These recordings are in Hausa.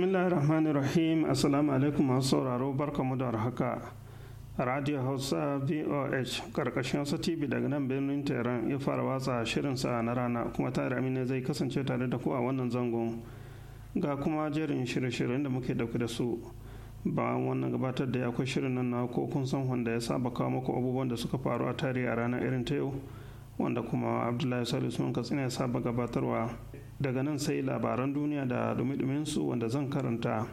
bismillahirrahmanirrahim assalamu alaikum masu sauraro barkamu da haka radio hausa voh karkashin hausa tv daga nan birnin tehran ya fara watsa shirinsa na rana kuma tare amina zai kasance tare da ku a wannan zangon ga kuma jerin shirye-shiryen da muke dauke da su bayan wannan gabatar da ya akwai shirin nan na ko kun san wanda ya saba kawo muku abubuwan da suka faru a tarihi a ranar irin ta yau wanda kuma abdullahi salisu mun tsina ya saba gabatarwa daga nan sai labaran duniya da dumi su wanda zan karanta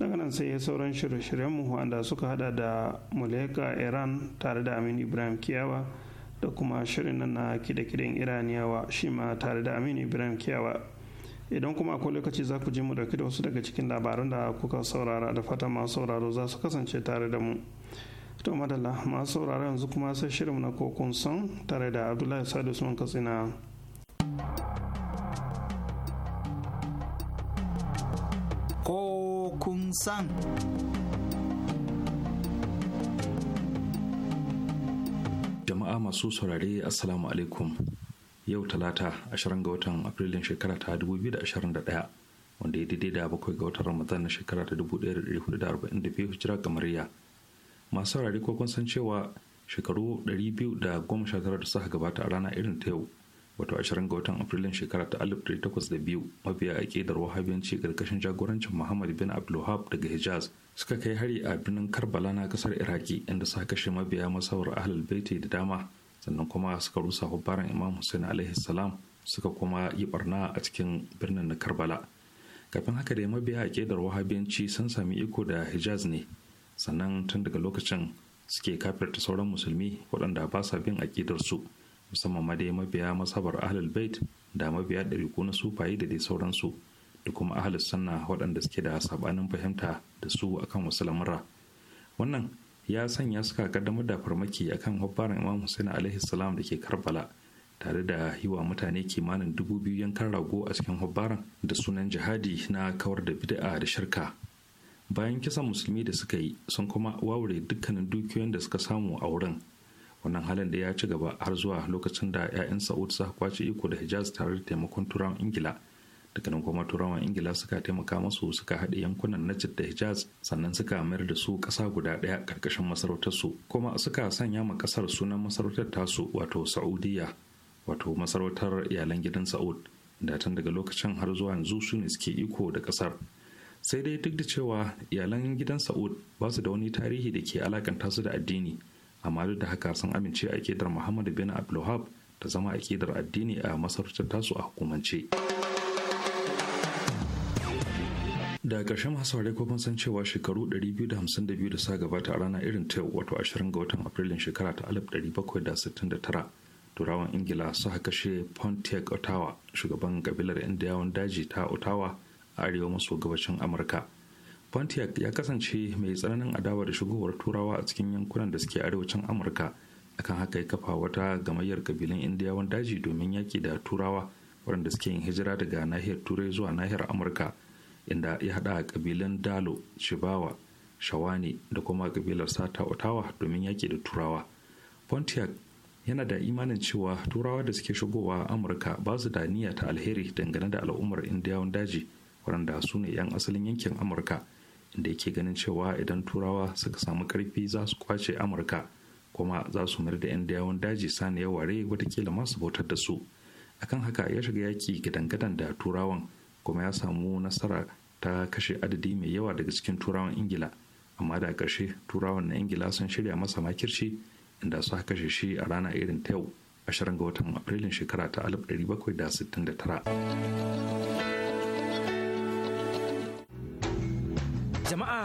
daga nan sai sauran shirye-shiryenmu wanda suka hada da muleka iran tare da amin ibrahim kiyawa da kuma shirin nan na kide-kiden iraniyawa shi ma tare da amin ibrahim kiyawa idan kuma akwai lokaci za ku ji mu dauki da wasu daga cikin labaran da kuka saurara da fata masu sauraro za su kasance tare da mu to madalla masu sauraro yanzu kuma sai shirin na kokun son tare da abdullahi sadu usman katsina kun san. Jama'a masu saurare Assalamu alaikum yau talata 20 ga watan Afrilun shekara ta 2021 wanda ya daidai da bakwai ga watan Ramadan na shekara ta 1442 hijira kamariya. Masu saurare ko kun san cewa shekaru 219 da suka gabata a rana irin ta yau wato 20 ga watan afrilun shekara ta 1802 mabiya aƙidar wahabiyanci karkashin jagorancin muhammad bin abdulwahab daga hijaz suka kai hari a birnin karbala na kasar iraki inda suka kashe mabiya masawar ahlul baiti da dama sannan kuma suka rusa hubbaran imam hussein alaihi salam suka kuma yi barna a cikin birnin na karbala kafin haka dai mabiya a aƙidar wahabiyanci sun sami iko da hijaz ne sannan tun daga lokacin suke kafirta sauran musulmi waɗanda ba sa bin aƙidar su musamman ma dai mabiya masabar ahlul bait da mabiya ɗariƙo na sufaye da dai sauransu da kuma ahlus sunna waɗanda suke da sabanin fahimta da su akan wasu lamura wannan ya sanya suka kaddamar da farmaki akan hobbaran imam husaini alaihi salam da ke karbala tare da yi wa mutane kimanin dubu biyu yankan rago a cikin hubbaran da sunan jihadi na kawar da bid'a da shirka bayan kisan musulmi da suka yi sun kuma wawure dukkanin dukiyoyin da suka samu a wurin wannan halin da ya ci gaba har zuwa lokacin da 'ya'yan sa'ud suka kwace iko da hijaz tare da taimakon turawan ingila daga nan kuma turawan ingila suka taimaka masu suka haɗe yankunan na da hijaz sannan suka mayar da su ƙasa guda ɗaya ƙarƙashin masarautar su kuma suka sanya ma ƙasar sunan masarautar tasu wato sa'udiyya wato masarautar iyalan gidan sa'ud da tun daga lokacin har zuwa yanzu su ne suke iko da ƙasar sai dai duk da cewa iyalan gidan sa'ud ba su da wani tarihi da ke alakanta su da addini amma duk da haka sun amince a ƙidar muhammadu bin abdulwahab ta zama a ƙidar addini a masarautar tasu a hukumance da ƙarshen masu ware san cewa shekaru 252 da sa gabata a rana irin ta wato 20 ga watan afrilun shekara ta 1769 turawan ingila suka kashe pontiac ottawa shugaban kabilar indiyawan daji ta ottawa a arewa maso gabashin amurka pontiac ya kasance mai tsananin adawa da shigowar turawa a cikin yankunan da suke arewacin amurka akan haka ya kafa wata gamayyar kabilan indiyawan daji domin yaki da turawa waɗanda suke yin hijira daga nahiyar turai zuwa nahiyar amurka inda ya haɗa kabilan dalo shibawa shawani da kuma kabilar sata otawa domin yaki da turawa pontiac yana da imanin cewa turawa da suke shigowa amurka ba su da niyya ta alheri dangane da al'ummar indiyawan daji waɗanda su ne 'yan asalin yankin amurka da yake ganin cewa idan turawa suka samu karfi za su kwace amurka kuma za su mayar da 'yan dayawan daji ya ware watakila masu bautar da su akan haka ya shiga yaki gadan-gadan da turawan kuma ya samu nasara ta kashe adadi mai yawa daga cikin turawan ingila amma da ƙarshe turawan na ingila sun shirya masa makirci inda su kashe shi a rana irin ta yau 20 ga watan afrilun shekara ta 1769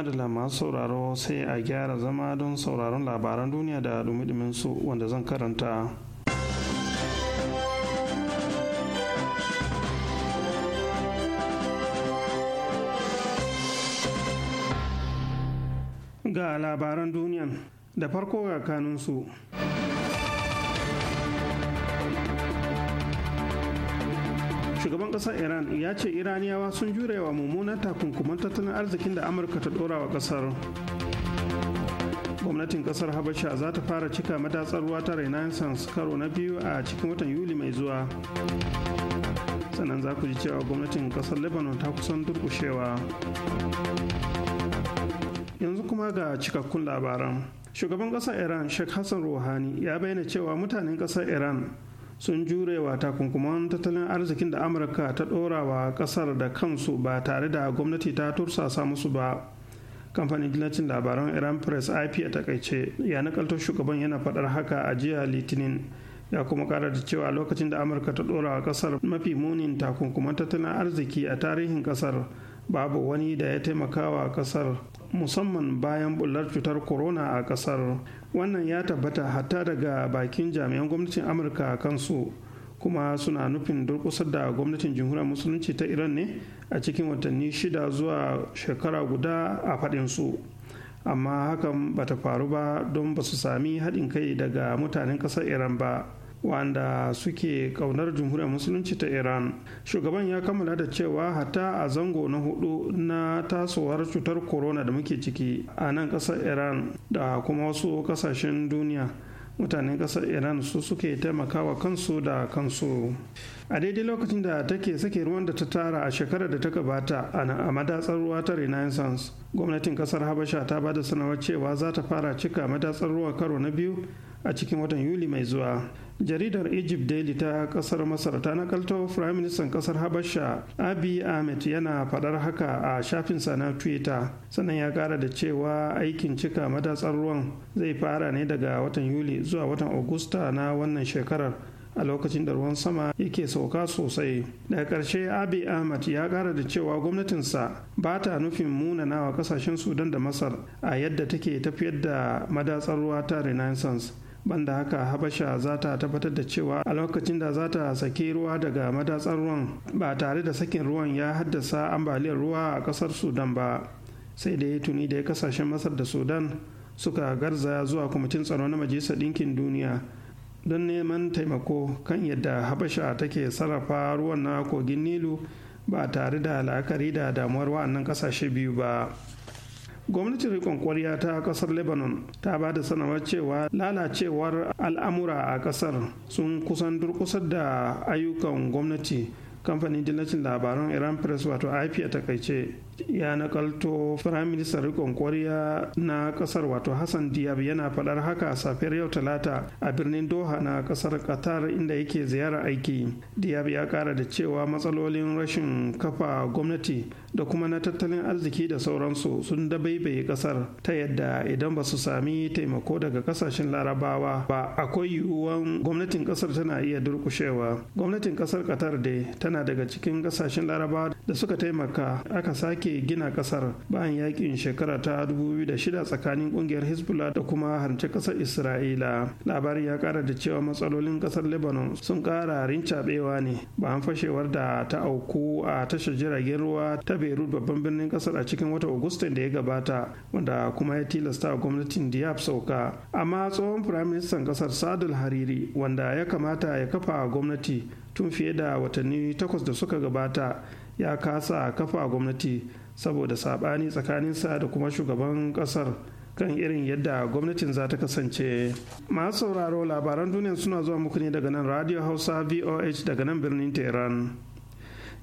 da masu sauraro sai a gyara zama don sauraron labaran duniya da dumi su wanda zan karanta ga labaran duniyan da farko ga kanunsu. su shugaban kasar iran ya ce iraniyawa sun jure wa mummunan takunkuman tattalin arzikin da amurka ta dora wa kasar gwamnatin kasar habasha za ta fara cika matatsar ruwa ta renaissance karo na biyu a cikin watan yuli mai zuwa sannan za ku ji cewa gwamnatin kasar lebanon ta kusan durkushewa yanzu kuma ga cikakkun labaran shugaban kasar iran sheikh hassan rouhani ya bayyana cewa mutanen kasar iran sun jurewa takunkuman tattalin arzikin da amurka ta ɗora wa ƙasar da kansu ba tare da gwamnati ta tursasa musu ba kamfanin dillacin labaran iran press ip a takaice ya nakaltar shugaban yana faɗar haka a jiya litinin ya kuma kara da cewa lokacin da amurka ta ɗora wa ƙasar mafi munin takunkuman tattalin arziki a tarihin ƙasar babu wani da ya taimaka wa ƙasar musamman bayan bullar cutar corona a kasar wannan ya tabbata hatta daga bakin jami'an gwamnatin amurka kansu kuma suna nufin durkusar da gwamnatin jamhuriyar musulunci ta iran ne a cikin watanni shida zuwa shekara guda a su amma hakan bata faru ba don ba su sami haɗin kai daga mutanen ƙasar iran ba wanda suke kaunar jamhuriyar musulunci ta iran shugaban ya kammala da cewa hatta a zango na hudu na tasowar cutar corona da muke ciki a nan kasar iran da kuma wasu kasashen duniya mutanen kasar iran su suke taimakawa kansu da kansu a daidai lokacin da take sake ruwan da ta tara a shekarar da ta gabata a madatsar ruwa ta renaissance gwamnatin kasar habasha ta bada da sanarwar cewa za ta fara cika madatsar ruwa karo na biyu a cikin watan yuli mai zuwa jaridar egypt daily ta kasar masar ta nakalto prime minister kasar habasha abi ahmed yana fadar haka a shafinsa na twitter sannan ya kara da cewa aikin cika madatsar ruwan zai fara ne daga watan yuli zuwa watan augusta na wannan shekarar a lokacin da ruwan sama yake sauka sosai daga ƙarshe abi ahmad ya kara da cewa gwamnatinsa ba ta nufin munanawa ƙasashen sudan da masar a yadda take tafiyar da madatsar ruwa ta renaissance banda haka habasha za ta tabbatar da cewa a lokacin da za ta saki ruwa daga madatsar ruwan ba tare da sakin ruwan ya haddasa ambaliyar ruwa a kasar sudan ba sai dai tuni da kasashen masar da sudan suka garza zuwa kwamitin tsaro na majalisar ɗinkin duniya don neman taimako kan yadda habasha take sarrafa ruwan na kogin nilu ba tare da la'akari da damuwar wa'annan kasashe biyu ba gwamnatin rikon kwarya ta kasar lebanon ta ba da sanarwar cewa lalacewar al'amura a kasar sun kusan durkusar da ayyukan gwamnati kamfanin dillacin labaran iran press wato ip a takaice ya nakalto firaministan rikon koriya na kasar wato hassan diab yana faɗar haka a safiyar yau talata a birnin doha na kasar qatar inda yake ziyara aiki diab ya ƙara da cewa matsalolin rashin kafa gwamnati da kuma na tattalin arziki da sauransu sun dabaibai kasar ta yadda idan ba su sami taimako daga kasashen larabawa ba akwai yiwuwan gwamnatin kasar tana iya durkushewa gwamnatin kasar qatar dai tana daga cikin kasashen larabawa da suka taimaka aka sake ke gina kasar bayan yakin shekara ta 2006 tsakanin kungiyar hezbollah da kuma harce kasar isra'ila labarin ya kara da cewa matsalolin kasar lebanon sun kara rincabewa ne bayan fashewar da ta auku a tashar jiragen ruwa ta beirut babban birnin kasar a cikin wata agustan da ya gabata wanda kuma ya tilasta gwamnatin diyab sauka amma tsohon firaministan kasar sadul hariri wanda ya kamata ya kafa gwamnati tun fiye da watanni takwas da suka gabata ya kasa kafa gwamnati saboda saɓani tsakaninsa da kuma shugaban ƙasar kan irin yadda gwamnatin za ta kasance masu sauraro labaran duniya suna zuwa muku ne daga nan radio hausa voh daga nan birnin tehran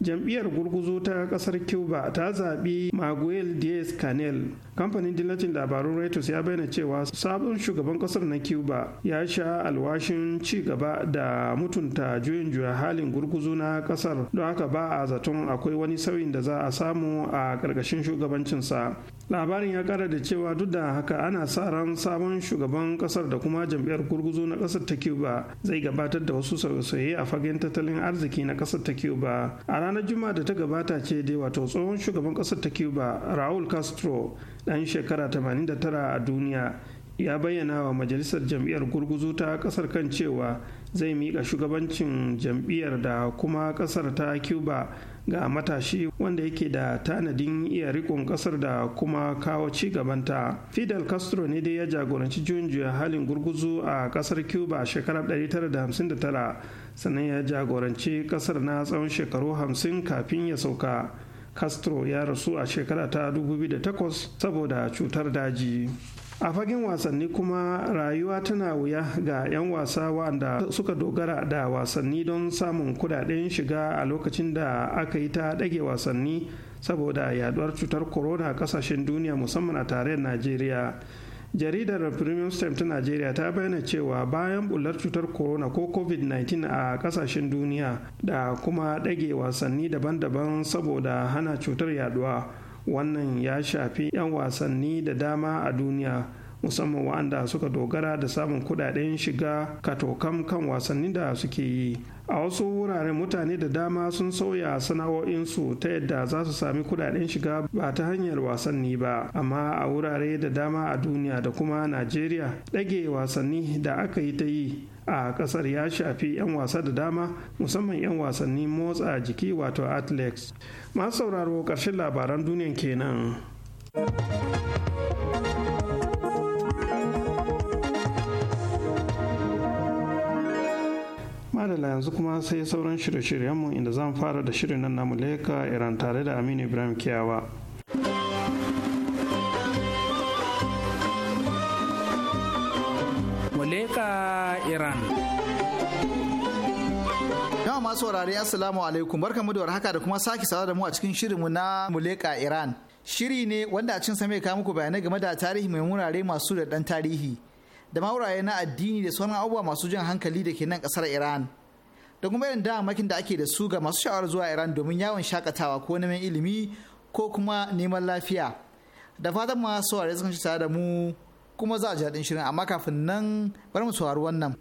jam'iyyar gurguzu ta kasar cuba ta zaɓi maguel diaz canel kamfanin dillacin labarun reuters ya bayyana cewa sabon shugaban kasar na cuba ya sha alwashin ci gaba da mutunta juyin juya halin gurguzu na kasar don haka ba a zaton akwai wani sauyin da za a samu a ƙarƙashin shugabancinsa labarin ya kara da cewa duk da haka ana sa ran sabon shugaban kasar da kuma jam'iyyar gurguzu na kasar ta cuba zai gabatar da wasu sauye-sauye a fagen tattalin arziki na kasar ta cuba a ranar juma'a da ta gabata ce dai wato tsohon shugaban kasar ta cuba raul castro dan shekara 89 a duniya ya bayyana wa majalisar jam'iyyar gurguzu ta kasar kan cewa zai miƙa shugabancin jam'iyyar da kuma kasar ta cuba ga matashi wanda yake da tanadin iya rikon kasar da kuma kawo ci gabanta fidel castro ne dai ya jagoranci juyin halin gurguzu a kasar cuba shekarar 1959 sannan ya jagoranci kasar na tsawon shekaru 50 kafin ya sauka castro ya rasu a shekara ta 2008 saboda cutar daji a fagen wasanni kuma rayuwa tana wuya ga 'yan wasa wanda suka dogara da wasanni don samun kudaden shiga a lokacin da aka yi ta ɗage wasanni saboda yaduwar cutar corona a kasashen duniya musamman a tarayyar najeriya jaridar premium stamp ta najeriya ta bayyana cewa bayan bular cutar corona ko covid-19 a kasashen duniya da kuma ɗage wasanni daban-daban saboda hana cutar yaduwa wannan ya shafi 'yan wasanni da dama a duniya musamman wa'anda suka dogara da samun kuɗaɗen shiga katokan kan wasannin da suke yi a wasu wuraren mutane da dama sun sauya sana'o'insu ta yadda za su sami kuɗaɗen shiga ba ta hanyar wasanni ba amma a wurare da dama a duniya da kuma najeriya ɗage wasanni da aka yi ta yi a ƙasar ya shafi 'yan wasa da dama musamman 'yan wasanni motsa jiki wato athletics masu sauraro ƙarshen labaran duniyan kenan. madalla yanzu kuma sai sauran shirye-shiryenmu inda zan fara da shirin nan namu leka iran tare da aminu ibrahim kiyawa Muleka Iran. Yawan masu wurare Assalamu alaikum da warhaka da kuma sake sawa da mu a cikin shirinmu na Muleka Iran. Shiri ne wanda a cin same mai kawo muku bayanai game da tarihi mai wurare masu da dan tarihi. da mauraye na addini da sauran abubuwa masu jan hankali da ke nan kasar iran da kuma irin damamakin da ake da su ga masu sha'awar zuwa iran domin yawon shakatawa ko neman ilimi ko kuma neman lafiya da fatan masu saurare sun ci da mu kuma za a ji daɗin shirin amma kafin nan bar mu saurari wannan.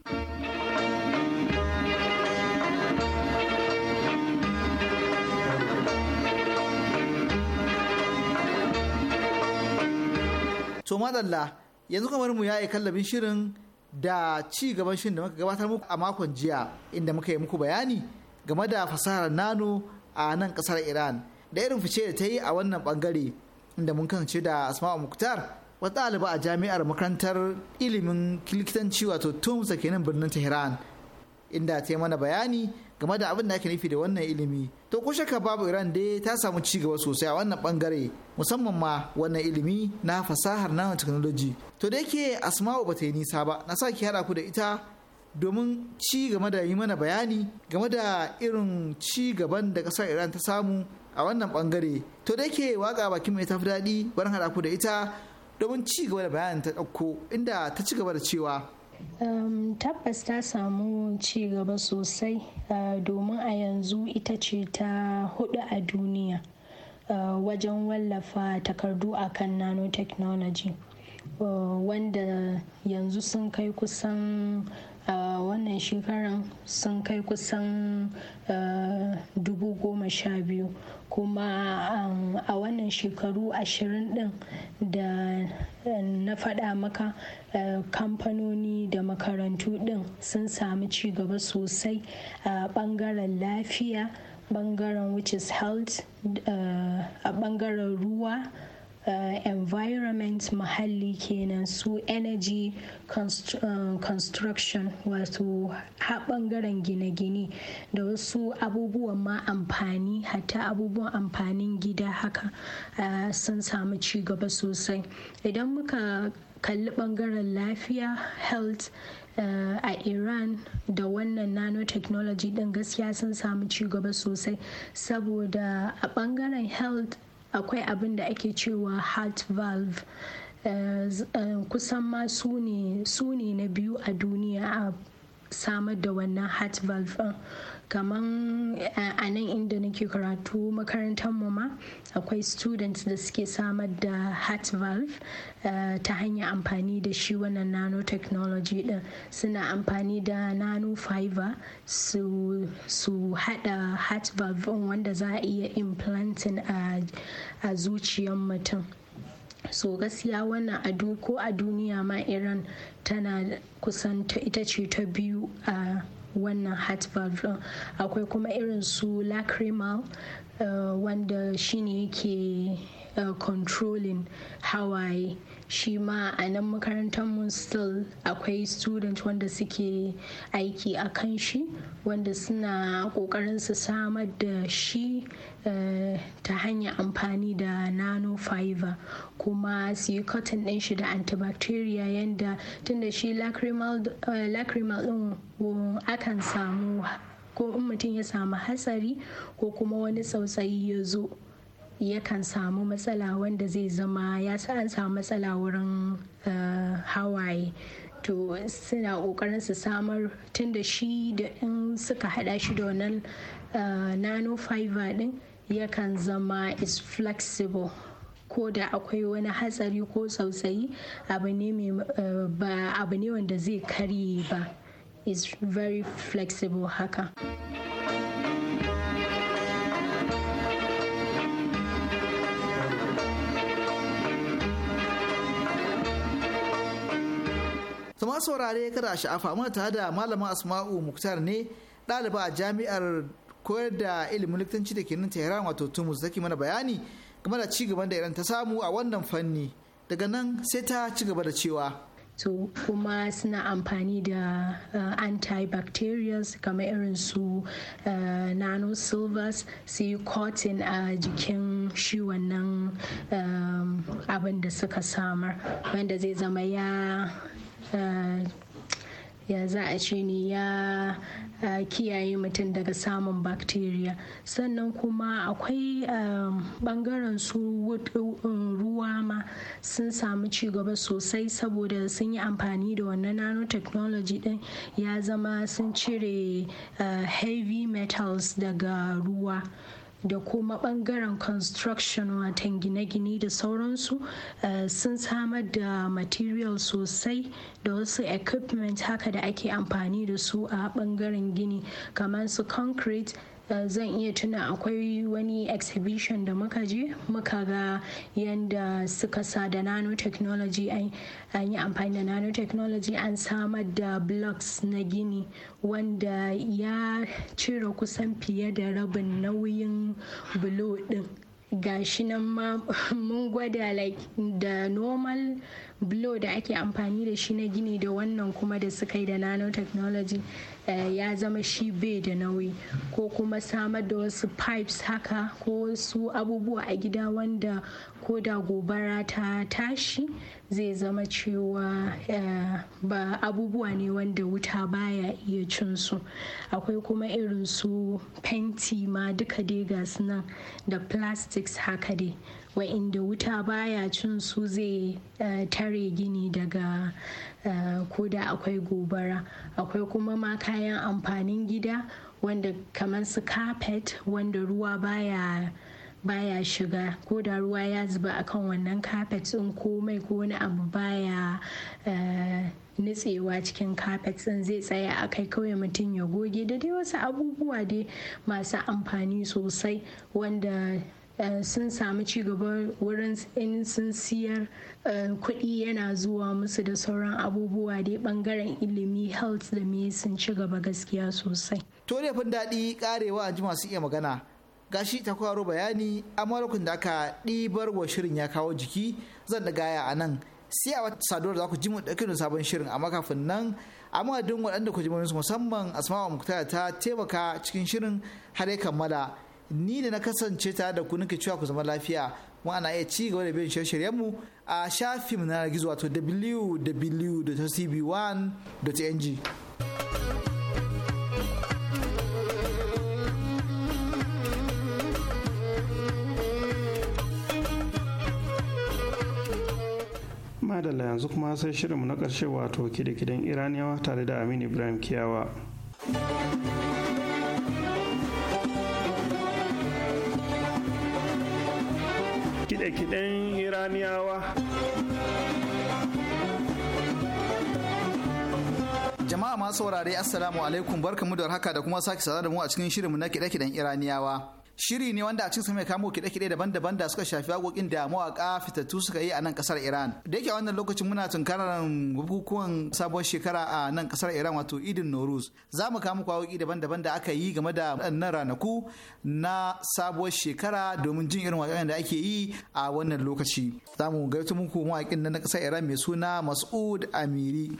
To madalla yanzu kamar mu ya yi kallabin shirin da ci gaban shirin da muka gabatar muku a makon jiya inda muka yi muku bayani game da fasahar nano a nan kasar iran da irin fice da ta yi a wannan bangare inda mun kasance da asma'u muktar wata ɗaliba a jami'ar makarantar ilimin likitanci wato tumsa kenan birnin tehran inda ta yi mana bayani game da abin da ake nufi da wannan ilimi to ko shakka babu iran dai ta samu ci gaba sosai a wannan bangare musamman ma wannan ilimi na fasahar nano technology to da yake asma'u bata yi nisa ba na sa ki hada ku da ita domin ci game da yi mana bayani game da irin ci gaban da kasar iran ta samu a wannan bangare to da yake waka bakin mai tafi daɗi bar hada ku da ita domin ci gaba da bayanin ta ɗauko inda ta ci gaba da cewa Um, tabbas ta samu ci gaba sosai uh, domin a yanzu ita ce ta hudu a duniya uh, wajen wallafa takardu a kan nanotechnology uh, wanda yanzu sun kai kusan wannan shekaran sun kai kusan eh, biyu kuma eh, a wannan shekaru ashirin din da eh, na faɗa maka kamfanoni da makarantu din sun samu ci gaba sosai a ɓangaren lafiya ɓangaren which is health a ɓangaren ruwa uh, environment muhalli kenan su energy uh, construction wato ha gine-gine da wasu abubuwan ma amfani hatta abubuwan amfanin gida haka uh, sun samu ci gaba sosai idan muka kalli ɓangaren lafiya health Uh, a iran da wannan nanotechnology din gaskiya sun samu gaba sosai saboda a ɓangaren health akwai abin da ake cewa heart valve eh, eh, kusan ma su ne na biyu a duniya a samar da wannan heart valve kaman a nan inda nake karatu makarantar mu ma akwai students da suke samar da heart valve eh, ta hanyar amfani da shi wannan nanotechnology din suna amfani da nano fiber su hada heart valve wanda za a iya implanting a zuciyar mutum so gaskiya wannan adu ko a duniya ma iran tana kusan ita ce ta biyu a wannan heart valve ɗin akwai kuma irin su lacrimal eh, wanda shine yake eh, controlling hawaye shi ma a nan makarantar mu still akwai student wanda suke aiki a kan shi wanda suna kokarin su samar da shi eh, ta hanyar amfani da nano fiber kuma su yi cotton din shi da antibacteria yanda tunda shi lacrimal din eh, akan samu ko in mutum ya samu hatsari ko kuma wani sautsayi ya zo yakan samu matsala wanda zai zama ya sa an samu matsala wurin eh, hawaye to suna kokarin su samar tun da shi da in suka hada shi da wannan eh, nano fiber din yakan zama is flexible ko da akwai wani hatsari ko tsautsayi abu ne eh, wanda zai karye ba is very flexible haka. kuma saurare kada sha'afa mana tare da malama asma'u muktar ne ɗaliba a jami'ar koyar da ilimin likitanci da ke nan tehran wato tumus ke mana bayani game da ci gaban da iran ta samu a wannan fanni daga nan sai ta ci gaba da cewa to kuma suna amfani da uh, antibacterials kamar irin su eh, nano silvers su yi cotton a jikin shi wannan um, abin da suka samar wanda zai zama ya ya za a ce ne ya kiyaye mutum daga samun bacteria sannan kuma akwai bangaren su um, ruwa ma sun samu cigaba sosai saboda sun yi amfani da wannan nanotechnology din ya zama sun cire heavy metals daga ruwa da kuma bangaren construction watan gine-gine da sauransu eh, sun samar da material sosai da wasu equipment haka da ake amfani da su a bangaren gini kamar su concrete Eh, zan iya tuna akwai wani exhibition da muka je muka ga yadda suka sa da nanotechnology an yi amfani da nanotechnology an samar da blocks na gini wanda ya cire kusan fiye da rabin nauyin bulo din gashi nan ma mun gwada da normal blow da ake amfani da shi na gini da wannan kuma da suka yi da nanotechnology Eh, ya zama shi bai da nauyi ko kuma samar da wasu pipes haka ko wasu abubuwa a gida wanda ko da gobara ta tashi zai zama cewa eh, ba abubuwa ne wanda wuta baya iya cin su akwai kuma irin su fenti ma duka dai ga nan da plastics haka dai wa'inda wuta baya cin su zai eh, tare gini daga eh, ko da akwai gobara akwai kuma ma kayan amfanin gida wanda kamar su carpet wanda ruwa baya baya shiga ko da ruwa ya zuba akan wannan carpet ɗin komai mai ko wani abu baya eh, nutsewa cikin carpet ɗin zai tsaya a kai kawai mutum ya goge da dai wasu abubuwa dai masu amfani sosai wanda Eh, sun samu cigaba wurin in sun siyar eh, kuɗi yana zuwa musu da sauran abubuwa dai bangaren ilimi health da me sun ci gaba gaskiya sosai. To laifin daɗi karewa ji masu iya magana gashi ta kwaro bayani a malakun da aka ɗibar wa shirin ya kawo jiki zan da gaya a nan sai a wata saduwar za ku ji mu ɗauki sabon shirin amma kafin nan a madadin waɗanda ku ji musamman Asma'u muktar ta taimaka cikin shirin har ya kammala ni da na kasance tare da ku nake cewa ku zama lafiya mu ana iya ci gaba da bin shirye mu a shafin na gizo wato www.cb1.ng madalla yanzu kuma sai shirinmu na karshe wato kide-kiden iraniyawa tare da aminu ibrahim kiyawa kiɗe-kiɗen iraniyawa jama'a masu saurare assalamu alaikum barkamu da haka da kuma sake sada da mu a cikin shirinmu na kiɗe-kiɗen iraniyawa shiri ne wanda a cikin mai kamo kiɗe kide daban-daban da suka shafi haƙoƙin da mawaƙa fitattu suka yi a nan ƙasar Iran. Da yake wannan lokacin muna tunkarar bukukuwan sabon shekara a nan ƙasar Iran wato Idin Noruz. Za mu kamo waƙoƙi daban-daban da aka yi game da waɗannan ranaku na sabuwar shekara domin jin irin waƙoƙin da ake yi a wannan lokaci. Za mu gaito muku mawaƙin na ƙasar Iran mai suna Mas'ud Amiri.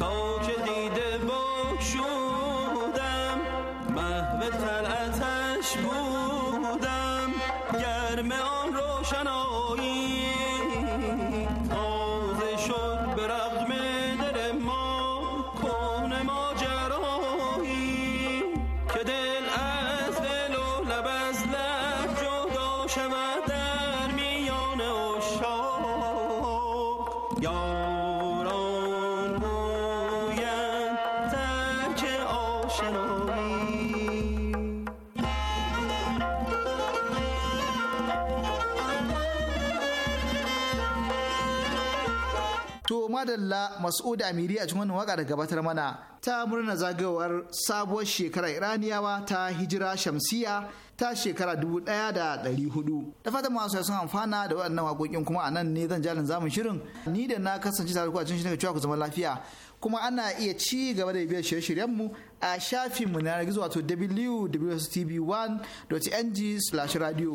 تا که دیده باک شدم محو طلعتش بودم گرم آن روشن madalla mas'ud amiri a cikin wannan waka da gabatar mana ta murna zagayowar sabuwar shekara iraniyawa ta hijira shamsiya ta shekara 1400 da fatan masu sun amfana da waɗannan waƙoƙin kuma a nan ne zan jalin zamun shirin ni da na kasance tare ku a cikin cewa ku zama lafiya kuma ana iya ci gaba da biyar shirye-shiryenmu a shafinmu na gizo wato www.tv1.ng/radio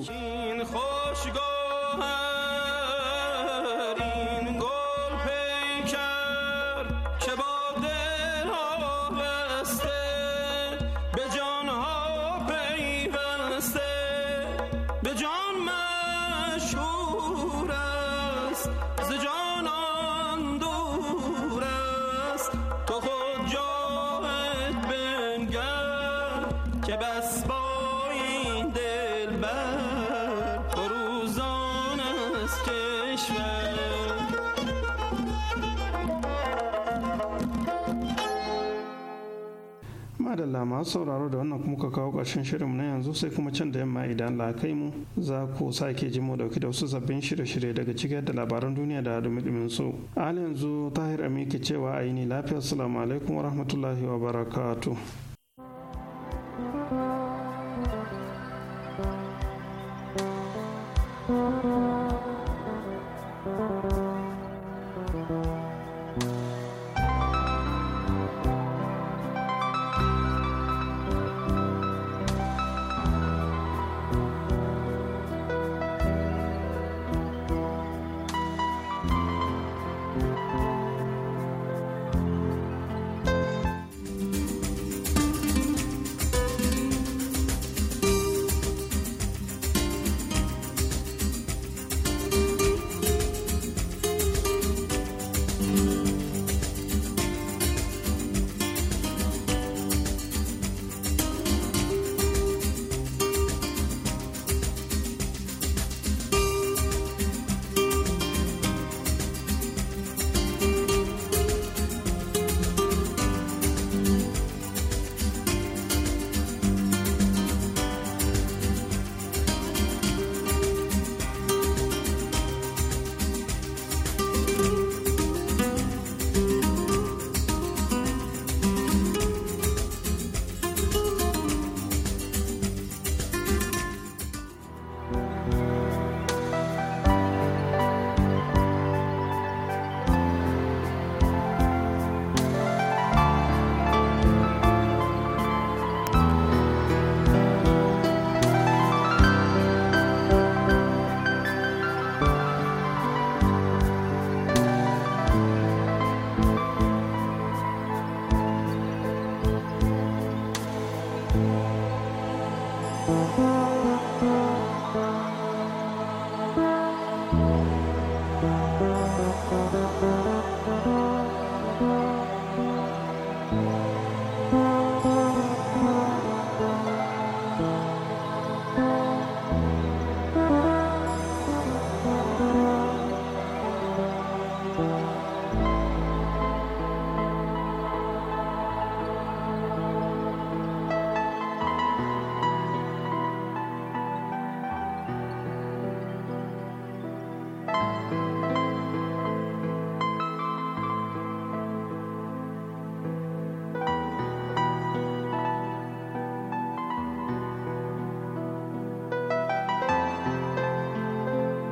da masu sauraro da wannan kuma ka kawo ƙarshen shirinmu na yanzu sai kuma can da yamma idan la kai mu za ku sake ji mu dauki da wasu sabbin shirye-shirye daga cikin da labaran duniya da dumi su a yanzu tahir amiki cewa a yi ni lafiya assalamu alaikum wa rahmatullahi wa barakatu.